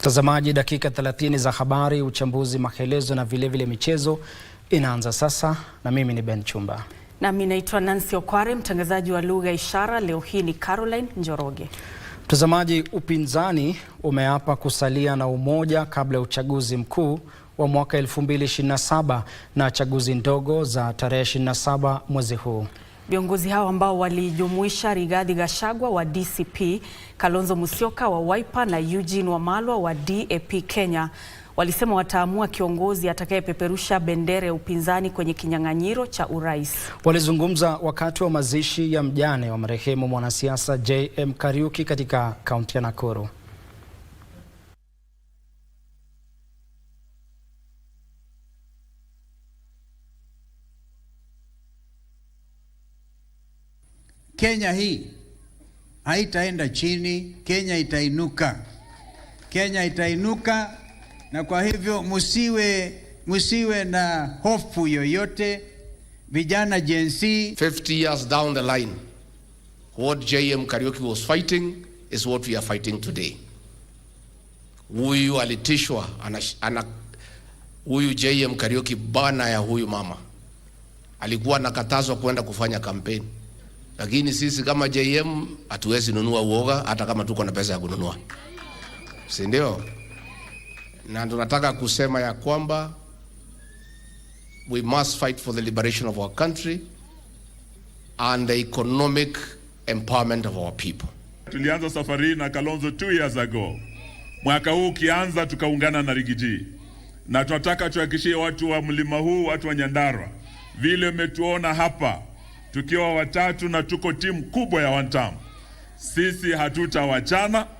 Mtazamaji, dakika 30 za habari, uchambuzi, maelezo na vilevile vile michezo inaanza sasa, na mimi ni Ben Chumba nami naitwa Nancy Okware, mtangazaji wa lugha ya ishara. Leo hii ni Caroline Njoroge. Mtazamaji, upinzani umeapa kusalia na umoja kabla ya uchaguzi mkuu wa mwaka 2027 na chaguzi ndogo za tarehe 27 mwezi huu. Viongozi hao ambao walijumuisha Rigathi Gachagua wa DCP, Kalonzo Musyoka wa Wiper na Eugene Wamalwa wa DAP Kenya walisema wataamua kiongozi atakayepeperusha bendera ya upinzani kwenye kinyang'anyiro cha urais. Walizungumza wakati wa mazishi ya mjane wa marehemu mwanasiasa JM Kariuki katika kaunti ya Nakuru. Kenya hii haitaenda chini, Kenya itainuka, Kenya itainuka. Na kwa hivyo musiwe, musiwe na hofu yoyote, vijana Gen Z. 50 years down the line what JM Kariuki was fighting is what we are fighting today. Huyu alitishwa ana, ana, huyu JM Kariuki bana ya huyu mama alikuwa anakatazwa kwenda kufanya kampeni. Lakini sisi kama JM hatuwezi nunua uoga hata kama tuko na pesa ya kununua, si ndio? Na tunataka kusema ya kwamba we must fight for the liberation of our country and the economic empowerment of our people. Tulianza safari na Kalonzo two years ago. Mwaka huu ukianza, tukaungana na Rigiji, na tunataka tuhakikishie watu wa mlima huu, watu wa Nyandarua, vile umetuona hapa tukiwa watatu na tuko timu kubwa ya wantamu sisi hatutawachana.